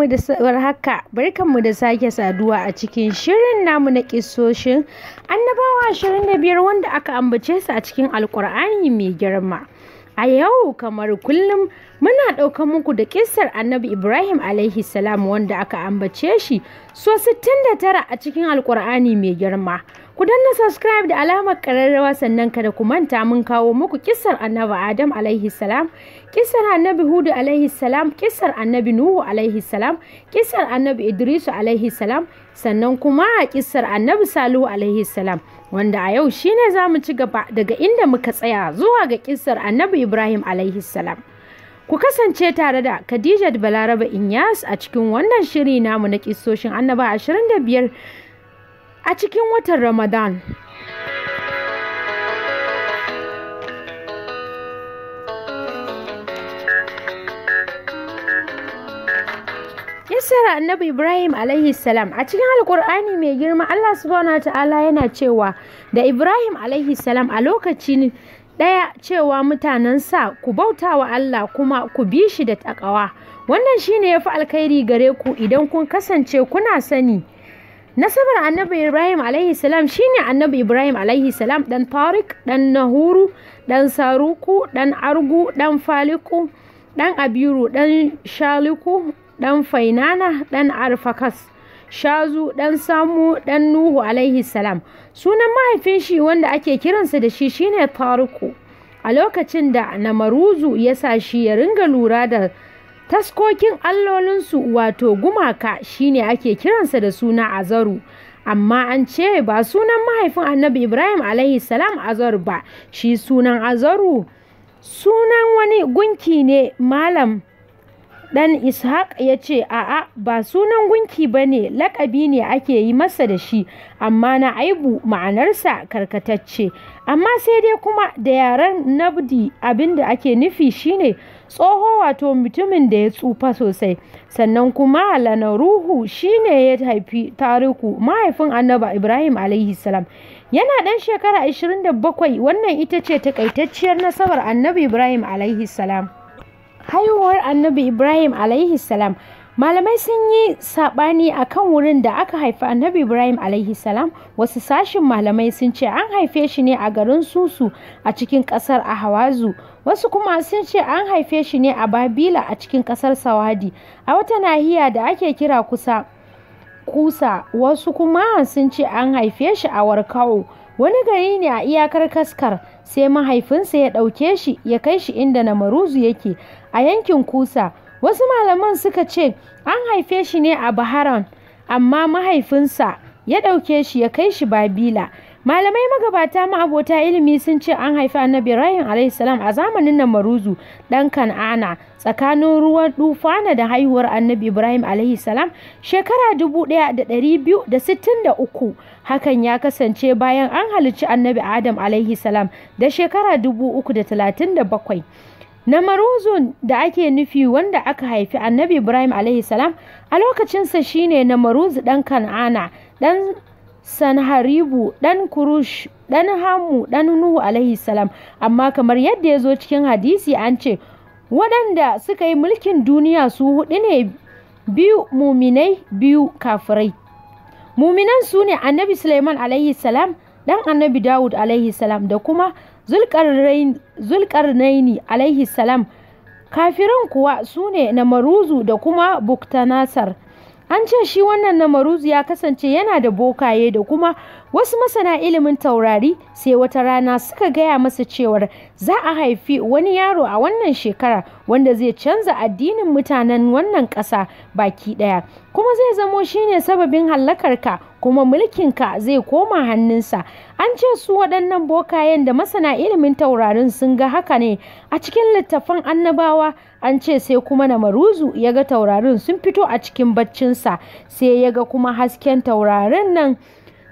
mu da warhaka mu da sake saduwa a cikin shirin namu na kisoshin annabawa 25 wanda aka ambace su a cikin alkur'ani mai girma A yau kamar kullum muna ɗaukar muku da kisar annabi Ibrahim alaihi salam wanda aka ambace shi so 69 a cikin alkur'ani mai girma. Ku na subscribe da alamar ƙararrawa sannan kada ku manta mun kawo muku kisar annabi Adam alaihi salam, kisar annabi Hudu alaihi salam, kisar annabi Nuhu alaihi salam, kisar annabi Idrisu alaihi salam, sannan kuma kisar annabi Salihu alaihi salam. wanda a yau shi ne za mu ci gaba daga inda muka tsaya zuwa ga kissar annabi ibrahim alaihi salam ku kasance tare da khadija balaraba inyas a cikin wannan shiri namu na kissoshin annaba 25 a cikin watan ramadan nasarar Annabi Ibrahim alaihi salam a cikin alkur'ani mai girma Allah subhanahu ta'ala yana cewa da Ibrahim alaihi salam a lokacin daya cewa mutanensa ku bauta wa Allah kuma ku bi shi da takawa wannan shine ya fi alkhairi gare ku idan kun kasance kuna sani nasabar annabi ibrahim alaihi salam shine annabi ibrahim alaihi salam dan tariq dan nahuru dan saruku dan argu dan faliku dan abiru dan shaliku ɗan fainana ɗan arfakas shazu ɗan samu ɗan nuhu alaihi salam sunan mahaifin shi wanda ake kiransa da shi shine taruku a lokacin da namaruzu ya sa shi ya ringa lura da taskokin allolinsu wato gumaka shine ake kiransa da suna azaru amma an ce ba sunan mahaifin annabi ibrahim alaihi salam azar ba shi sunan azaru sunan wani gunki ne malam Dan Ishaq ya ce a'a ba sunan gunki ba ne laƙabi ne ake yi masa da shi amma na aibu ma'anarsa karkatacce amma sai dai kuma da yaren nabdi abinda ake nufi shine tsoho wato mutumin da ya tsufa sosai sannan kuma lanaruhu shine ya haifi tariku mahaifin annaba ibrahim salam yana ɗan shekara 27 wannan ita ce takaitacciyar nasabar annabi ibrahim salam haihuwar annabi ibrahim alaihi salam malamai sun yi saɓani a kan wurin da aka haifi annabi ibrahim alaihi salam wasu sashin malamai sun ce an haife shi ne a garin susu a cikin ƙasar ahawazu wasu kuma sun ce an haife shi ne a babila a cikin ƙasar sawadi a wata nahiya da ake kira kusa kusa wasu kuma sun ce an haife shi a warkawo wani gari ne a iyakar kaskar sai mahaifinsa ya ɗauke shi ya kai shi inda namaruzu yake a yankin Kusa. Wasu malaman suka ce an haife shi ne a Baharan, amma mahaifinsa ya ɗauke shi ya kai shi Babila. Malamai magabata ma'abota ilimi sun ce an haifi annabi rahim alaihissalam a zamanin Namaruzu ɗan Kan'ana tsakanin ruwan dufana da haihuwar annabi Ibrahim alaihissalam shekara 1263 hakan ya kasance bayan an halicci annabi Adam alaihissalam da shekara 337. na maruzun da ake nufi wanda aka haifi annabi ibrahim alaihi salam a lokacinsa shine na maruzu ɗan kan'ana ɗan sanharibu ɗan kurush ɗan hamu ɗan nuhu alaihi salam amma kamar yadda ya zo cikin hadisi an ce waɗanda suka yi mulkin duniya su hudu ne biyu muminai biyu kafirai muminan su ne annabi suleiman alaihi salam ɗan annabi dawud alaihi salam da kuma zulkarnaini alaihi salam kafiran kuwa su ne na namaruzu da kuma buktanasar an ce shi wannan na namaruzu ya kasance yana da bokaye da kuma Wasu masana ilimin taurari sai wata rana suka gaya masa cewar za a haifi wani yaro a wannan shekara wanda zai canza addinin mutanen wannan ƙasa baki ɗaya kuma zai zamo shine sababin hallakarka kuma mulkinka zai koma hannunsa an ce su waɗannan bokayen da masana ilimin taurarin sun ga haka ne a cikin littattafan annabawa an ce sai kuma na maruzu ya ga taurarin sun fito a cikin baccinsa sai ya ga kuma hasken taurarin nan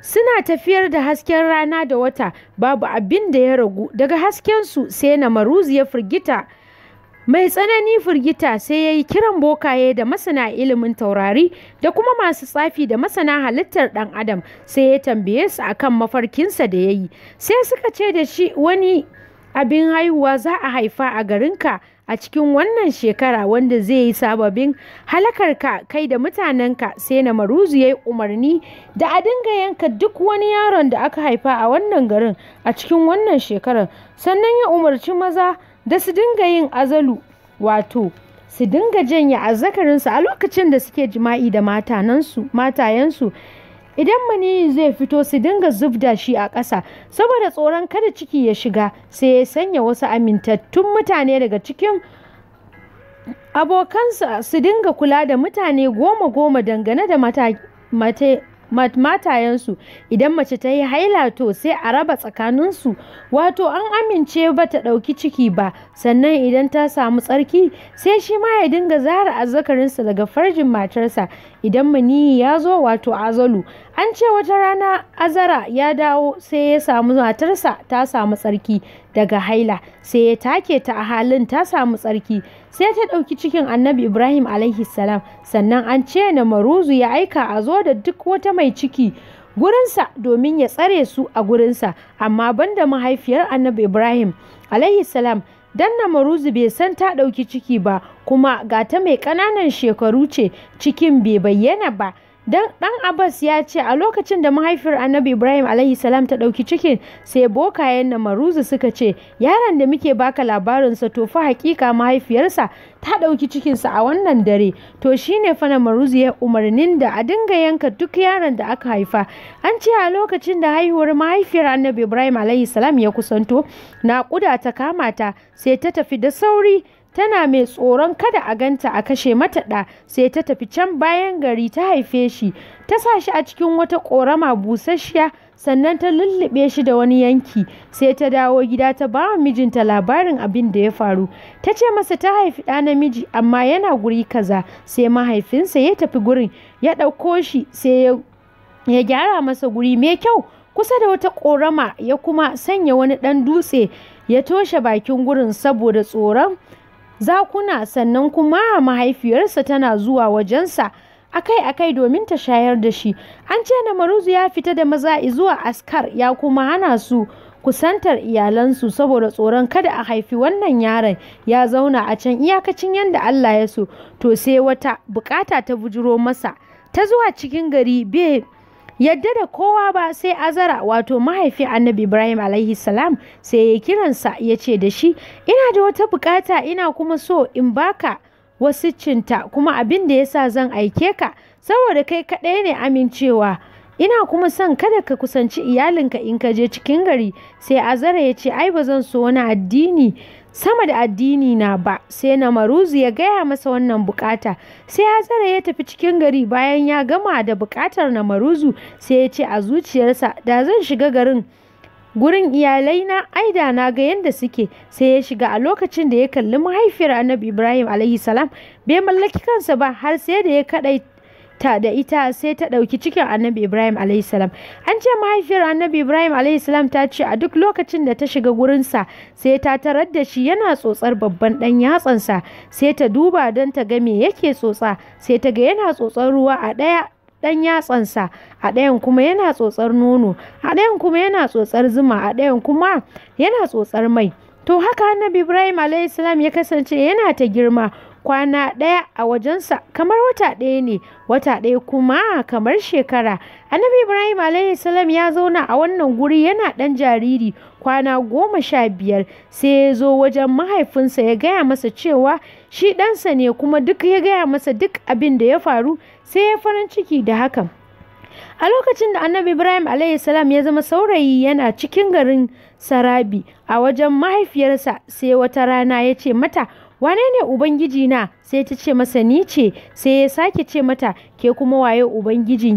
suna tafiyar da hasken rana da wata babu abin da ya ragu daga haskensu sai na maruzi ya firgita mai tsanani firgita sai ya yi kiran bokaye da masana ilimin taurari da kuma masu tsafi da masana halittar ɗan adam sai ya tambaye su akan mafarkinsa da ya yi sai suka ce da shi wani abin haihuwa za a haifa a garinka a cikin wannan shekara wanda zai yi sababbin ka kai da mutanen ka sai na maruzu ya yi umarni da a dinga yanka duk wani yaron da aka haifa a wannan garin a cikin wannan shekarar sannan ya umarci maza da su dinga yin azalu wato su dinga janye azzakarinsu a lokacin da suke jima'i da matayensu idan maniyi zai fito su dinga zubda shi a ƙasa saboda tsoron kada ciki ya shiga sai ya sanya wasu amintattun mutane daga cikin abokansa su dinga kula da mutane goma goma dangane da mata, matayensu idan mace ta yi haila to sai a raba tsakaninsu wato an amince ba ta ɗauki ciki ba sannan idan ta samu tsarki sai shi ma ya dinga zara azzakarinsa daga farjin matarsa idan maniyi ya zo wato azalu an ce wata rana azara ya dawo sai ya samu matarsa ta samu tsarki daga haila sai ya take ta a halin ta samu tsarki sai ta ɗauki cikin annabi ibrahim salam sannan an ce na maruzu ya aika a zo da duk wata mai ciki gurinsa domin ya tsare su a gurinsa amma banda mahaifiyar annabi ibrahim salam dan maruzu bai san ta ɗauki ciki ba kuma ga ta mai ƙananan shekaru ce cikin bai bayyana ba Dan Abbas ya ce a lokacin da mahaifiyar Annabi Ibrahim alaihi salam ta dauki cikin sai bokayen na maruzu suka ce yaron da muke baka sa to fa hakika mahaifiyarsa ta ɗauki cikinsa a wannan dare to shine fa na maruzu ya umarnin da a dinga yanka duk yaron da aka haifa an ce a lokacin da haihuwar mahaifiyar Annabi Ibrahim alaihi salam ya kusanto naƙuda ta kama ta sai ta tafi da sauri tana mai tsoron kada a ganta a kashe mata ɗa sai ta tafi can bayan gari ta haife shi ta sa shi a cikin wata ƙorama busasshiya sannan ta lullube shi da wani yanki sai ta dawo gida ta ba mijinta labarin abin da ya faru ta ce masa ta haifi ɗa namiji amma yana guri kaza sai mahaifinsa ya tafi gurin ya ɗauko shi sai ya gyara masa guri mai kyau kusa da wata ƙorama ya kuma sanya wani ɗan dutse ya toshe bakin gurin saboda tsoron zakuna sannan kuma mahaifiyarsa tana zuwa wajensa akai-akai domin ta shayar da shi an ce na maruzu ya fita da maza zuwa askar ya kuma hana su kusantar iyalansu saboda tsoron kada a haifi wannan yaron ya zauna a can iyakacin yadda Allah ya so to sai wata bukata ta bujiro masa ta zuwa cikin gari bai yadda da kowa ba sai azara wato mahaifin annabi ibrahim alaihi salam sai ya kiransa ya ce da shi ina da wata bukata ina kuma so in baka cinta, kuma abin da yasa zan aike ka saboda kai kaɗai ne amincewa ina kuma son kada ka kusanci iyalinka in ka je cikin gari sai azara ya ce ai ba zan so wani addini sama da addini na ba sai na maruzu ya gaya masa wannan bukata sai hazara ya tafi cikin gari bayan ya gama da bukatar na maruzu sai ya ce a zuciyarsa da zan shiga garin gurin iyalai na aida na ga yadda suke sai ya shiga a lokacin da ya kalli mahaifiyar annabi ibrahim alaihi salam bai mallaki kansa ba har sai da ya kadai ta da ita sai ta ɗauki cikin annabi ibrahim alaihissalam an ce mahaifiyar annabi ibrahim alaihissalam ta ce a duk lokacin da ta shiga gurinsa sai ta tarar da shi yana tsotsar babban ɗan yatsansa sai ta duba don ta ga me yake tsotsa sai ta ga yana tsotsar ruwa a ɗaya ɗan yatsansa a ɗayan kuma yana tsotsar nono a ɗayan kuma yana tsotsar zuma a ɗayan kuma yana tsotsar mai to haka annabi ibrahim alaihissalam ya kasance yana ta girma kwana ɗaya a wajensa kamar wata ɗaya ne wata ɗaya kuma kamar shekara annabi ibrahim alaihi salam ya zauna a wannan guri yana ɗan jariri kwana goma sha biyar sai ya zo wajen mahaifinsa ya gaya masa cewa shi ɗansa ne kuma duk ya gaya masa duk abin da ya faru sai ya farin ciki da hakan a lokacin da annabi ibrahim salam ya zama saurayi yana cikin garin sarabi a wajen mahaifiyarsa sai wata rana ya ce mata wane ne ubangiji na sai ta ce masa ni ce sai ya sake ce mata ke kuma waye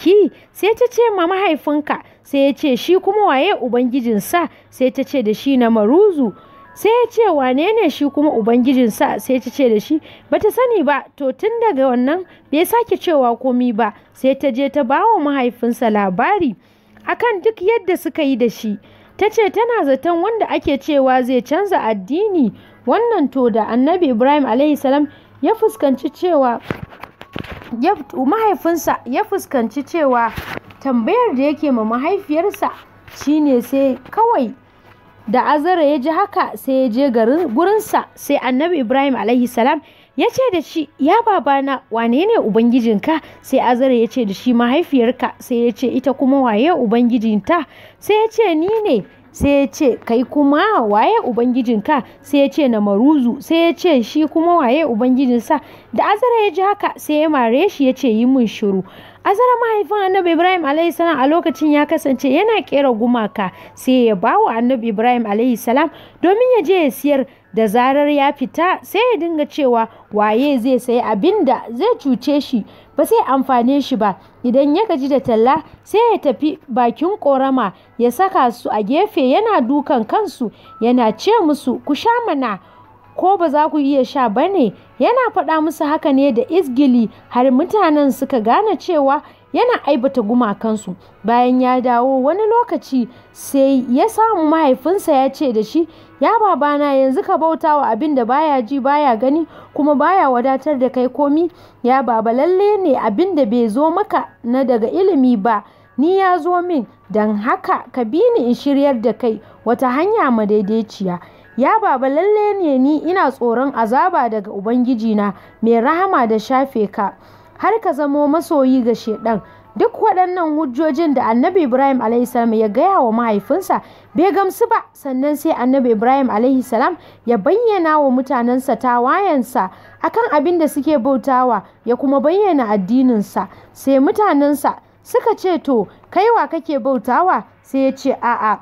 ki sai ta ce ma mahaifinka sai ya ce shi kuma waye ubangijin sa sai ta ce da shi na maruzu sai ya ce wane ne shi kuma ubangijinsa sai ta ce da shi bata sani ba to tun daga wannan bai sake cewa komi ba sai ta je ta bawa mahaifinsa labari akan duk yadda suka yi da shi ta ce tana zaton wanda ake cewa zai canza addini wannan to da annabi ibrahim alaihi ya fuskanci cewa mahaifinsa ya fuskanci cewa tambayar da yake ma mahaifiyarsa shine sai kawai da azara ya ji haka sai ya je gurinsa sai annabi ibrahim salam ya ce da shi ya babana wane ne ubangijinka sai azara ya ce da shi mahaifiyarka sai ya ce ita kuma waye ubangijinta sai ya ce ni ne sai ya ce kai kuma waye ubangijinka sai ya ce na maruzu sai ya ce shi kuma waye ubangijinsa da azara ya ji haka sai ya mare shi ya ce yi mun shiru azara mahaifin annabi ibrahim alayhi a lokacin ya kasance yana kera gumaka sai ya bawa annabi ibrahim alayhi domin ya je ya siyar da zarar ya fita sai ya dinga cewa waye zai sayi abin da zai cuce shi ba sai amfane shi ba idan ya gaji da talla sai ya tafi bakin korama ya saka su a gefe yana dukan kansu yana ce musu ku sha mana ko ba za ku iya sha ba ne yana faɗa musu haka ne da izgili har mutanen suka gane cewa yana aibata gumakansu bayan ya dawo wani lokaci sai ya samu mahaifinsa ya ce da shi ya babana yanzu ka bauta wa abin da baya ji baya gani kuma baya wadatar da kai komi ya baba lalle ne abin da bai zo maka na daga ilimi ba ni ya zo min don haka ka bi ni in shiryar da kai wata hanya madaidaiciya ya baba lalle ne ni ina tsoron azaba daga ubangijina mai rahama da shafe ka har ka zamo masoyi ga shedan duk waɗannan hujjojin da annabi ibrahim alaihissalam ya gaya wa mahaifinsa bai gamsu ba sannan sai annabi ibrahim alaihissalam ya bayyana wa mutanensa tawayensa akan abin da suke bautawa ya kuma bayyana addininsa sai mutanensa suka ce to kaiwa kake bautawa sai ya ce a'a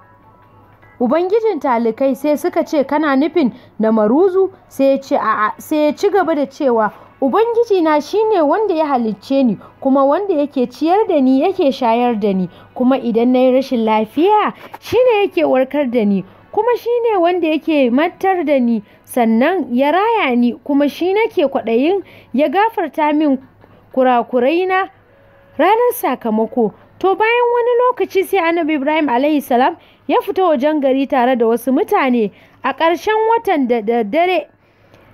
Ubangijin talikai sai suka ce kana nufin na maruzu sai ya ce a'a sai ya ci gaba da cewa Ubangiji na shi ne wanda ya halicce ni kuma wanda yake ciyar da ni yake shayar da ni kuma idan na yi rashin lafiya shi ne yake warkar da ni kuma shi ne wanda yake matar da ni sannan ya raya ni kuma shi nake kwaɗayin ya gafarta min kurakuraina ranar sakamako to bayan wani lokaci sai annabi ibrahim a.s. ya fita wajen gari tare da wasu mutane a ƙarshen watan da dare.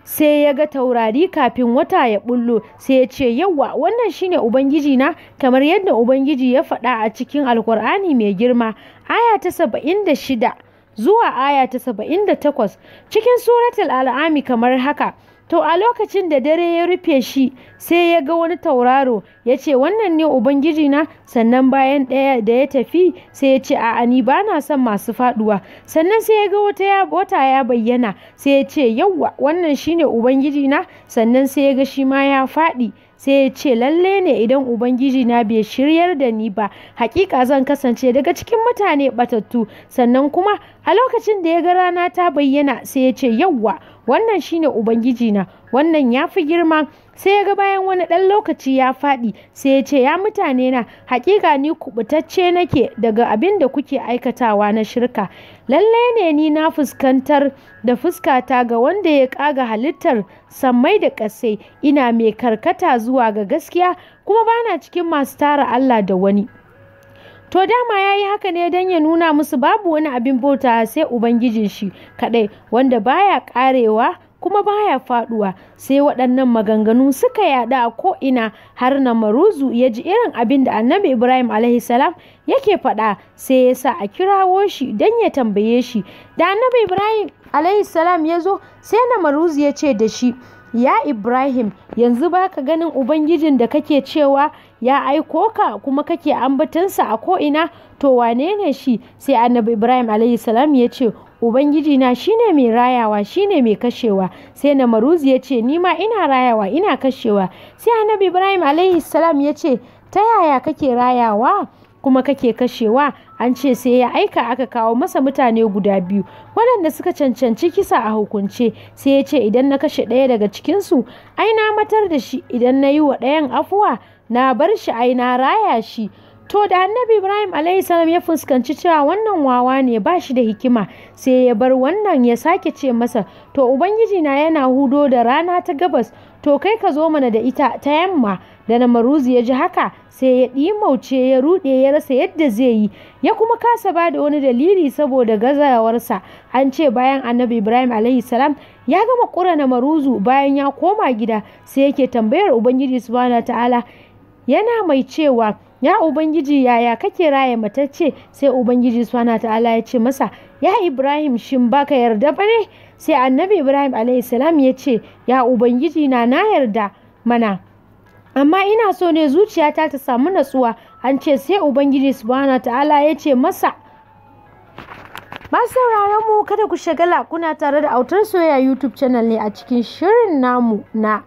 sai ya ga taurari kafin wata ya bullo sai ya ce yawwa wannan shine ubangiji na kamar yadda ubangiji ya faɗa a cikin alkur'ani mai girma aya ta saba'in da shida zuwa aya ta saba'in da takwas cikin suratul al'ami kamar haka To a lokacin da dare ya rufe shi sai ya ga wani tauraro ya ce wannan ne ubangiji na sannan bayan ɗaya da ya tafi sai ya ce a'a ni ba na son masu faɗuwa sannan sai ya ga wata wata ya bayyana sai ya ce yawwa wannan shi ubangiji Ubangijina sannan sai ya ga shi ma ya faɗi. sai ya ce lalle ne idan ubangiji na bai shiryar da ni ba hakika zan kasance daga cikin mutane batattu sannan kuma a lokacin da ya ga rana ta bayyana sai ya ce yawwa wannan shine ubangiji na wannan ya fi girma sai ya ga bayan wani ɗan lokaci ya faɗi sai ya ce ya mutane na hakika ni kubutacce nake daga abin da kuke aikatawa na shirka lalle ne ni na fuskantar da fuskata ga wanda ya ƙaga halittar sammai da ƙasai ina mai karkata zuwa ga gaskiya kuma bana cikin masu tara Allah da wani to dama ya yi haka ne don ya nuna musu babu wani abin bauta sai ubangijin shi kaɗai wanda baya ƙarewa kuma baya faduwa sai waɗannan maganganu suka yaɗa a ko'ina har na maruzu ya ji irin abin da annabi ibrahim salam yake faɗa sai ya sa a kirawo shi don ya tambaye shi da annabi ibrahim alaihi salam ya zo sai maruzi ya ce da shi ya ibrahim yanzu ba ka ganin ubangijin da kake cewa ya aiko ka kuma kake ambatansa a ko'ina to wane ne shi sai annabi ibrahim alaihi salam ya ce Ubangiji na shine mai rayawa shine mai kashewa sai na maruzi ya ce nima ina rayawa ina kashewa sai annabi Ibrahim alaihi salam ya ce ta yaya kake rayawa kuma kake kashewa an ce sai ya aika aka kawo masa mutane guda biyu waɗanda suka cancanci kisa a hukunce sai ya ce idan na kashe ɗaya daga cikinsu ai na matar da shi idan na yi wa ɗayan afuwa na bar shi ai na raya shi to da annabi ibrahim alaihissalam ya fuskanci cewa wannan wawa ne ba shi da hikima sai ya bar wannan ya sake ce masa to ubangiji na yana hudo da rana ta gabas to kai ka zo mana da ita ta yamma da na maruzi ya ji haka sai ya mauce ya ruɗe ya rasa yadda zai yi ya kuma kasa ba da wani dalili saboda gazawarsa an ce bayan annabi ibrahim alaihi ya gama ƙura na maruzu bayan ya koma gida sai yake tambayar ubangiji subhanahu ta'ala yana mai cewa ya ubangiji yaya kake raya matacce sai ubangiji subhanahu ta'ala ya ce masa ya ibrahim shin baka yarda ba ne sai annabi ibrahim alaihi ya ce ya ubangiji na na yarda mana amma ina so ne zuciyata ta samu natsuwa an ce sai ubangiji subhanahu ta'ala ya ce masa masu sauraron mu kada ku shagala kuna tare da autar soyayya youtube channel ne a cikin shirin namu na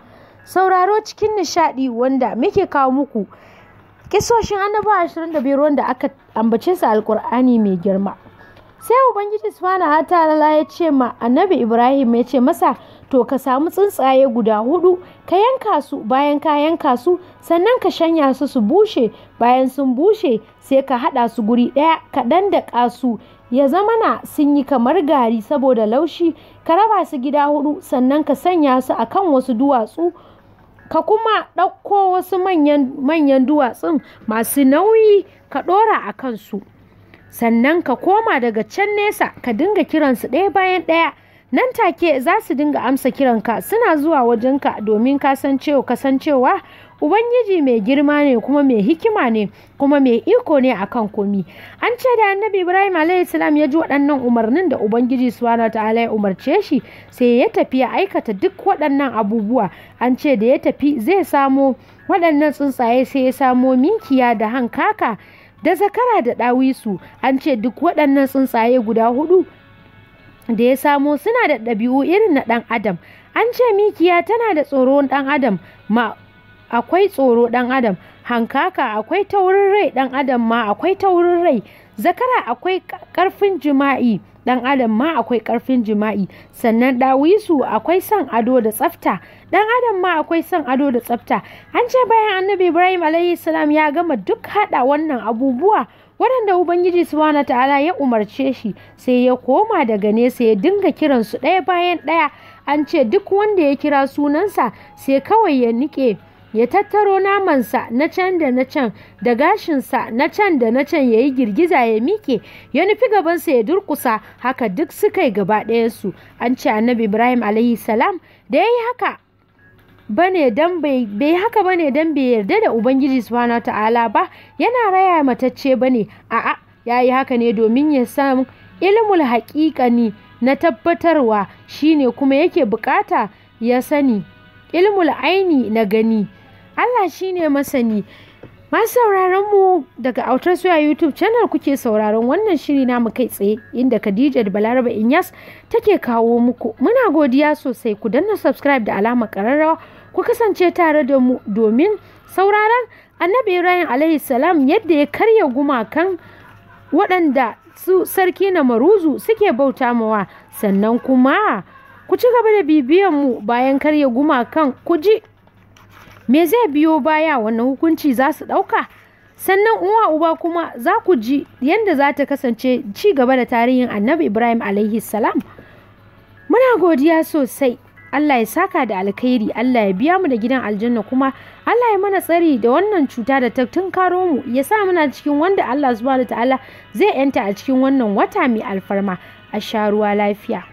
sauraro cikin nishadi wanda muke kawo muku kisoshin annabawa 25 wanda aka ambace su alkur'ani mai girma sai ubangiji subhanahu ta'ala ya ce ma annabi ibrahim ya ce masa to ka samu tsuntsaye guda hudu ka yanka su bayan ka yanka su sannan ka shanya su su bushe bayan sun bushe sai ka hada su guri daya ka dandaka su ya zama na sun yi kamar gari saboda laushi ka raba su gida hudu sannan ka sanya su akan wasu duwatsu ka kuma ɗauko wasu manyan duwatsun masu nauyi ka ɗora a kansu. sannan ka koma daga can nesa ka dinga kiransu ɗaya bayan ɗaya nan take za su dinga amsa kiranka suna zuwa wajenka domin kasancewa kasancewa ubangiji mai girma ne kuma mai hikima ne kuma mai iko ne akan komi an ce da annabi ibrahim alaihissalam ya ji waɗannan umarnin da ubangiji subhanahu ta'ala ya umarce shi sai ya tafi ya aikata duk waɗannan abubuwa an ce da ya tafi zai samo waɗannan tsuntsaye sai ya samo minkiya da hankaka da zakara da ɗawisu an ce duk waɗannan tsuntsaye guda hudu da ya samo suna da ɗabi'u irin na ɗan adam an ce mikiya tana da tsoron ɗan adam ma akwai tsoro ɗan adam hankaka akwai taurin rai ɗan adam ma akwai taurin rai zakara akwai ƙarfin jima'i dan adam ma akwai karfin jima'i sannan dawisu akwai son ado da tsafta dan adam ma akwai son ado da tsafta an ce bayan annabi ibrahim alayhi salam ya gama duk hada wannan abubuwa waɗanda Ubangiji subhanahu ta'ala ya umarce shi sai ya koma daga nesa ya dinga kiransu ɗaya bayan ɗaya an ce duk wanda ya kira sunansa sai kawai ya niƙe ya tattaro namansa na can da na can da gashinsa na can da na can ya yi girgiza ya mike ya nufi gabansa ya durkusa haka duk suka yi gaba ɗayansu an ce annabi ibrahim alayhi salam da ya yi haka bane dan bai haka bane dan bai yarda da ubangiji subhanahu ta'ala ba yana raya matacce bane a'a yi haka ne domin ya samu ilmul haƙiƙani na tabbatarwa shine kuma yake bukata ya sani ilmul aini na gani Allah shi ne masani. Masu sauraron mu daga Autar Soya YouTube channel kuke sauraron wannan shiri namu kai tsaye inda Khadija da Balaraba Inyas take kawo muku. Muna godiya sosai ku danna subscribe da alama kararrawa ku kasance tare da mu domin sauraron Annabi Ibrahim alaihi salam yadda ya karya gumakan waɗanda su sarki na maruzu suke bauta mawa sannan kuma ku ci gaba da bibiyan mu bayan karya gumakan ku ji me zai biyo baya wani hukunci za su ɗauka sannan uwa uba kuma za ku ji yadda za ta kasance ci gaba da tarihin annabi ibrahim alaihi salam muna godiya sosai Allah ya saka da alkhairi Allah ya biya mu da gidan aljanna kuma Allah ya mana tsari da wannan cuta da ta tunkaro mu ya sa muna cikin wanda Allah subhanahu ta'ala zai yanta a cikin wannan wata mai alfarma a sha ruwa lafiya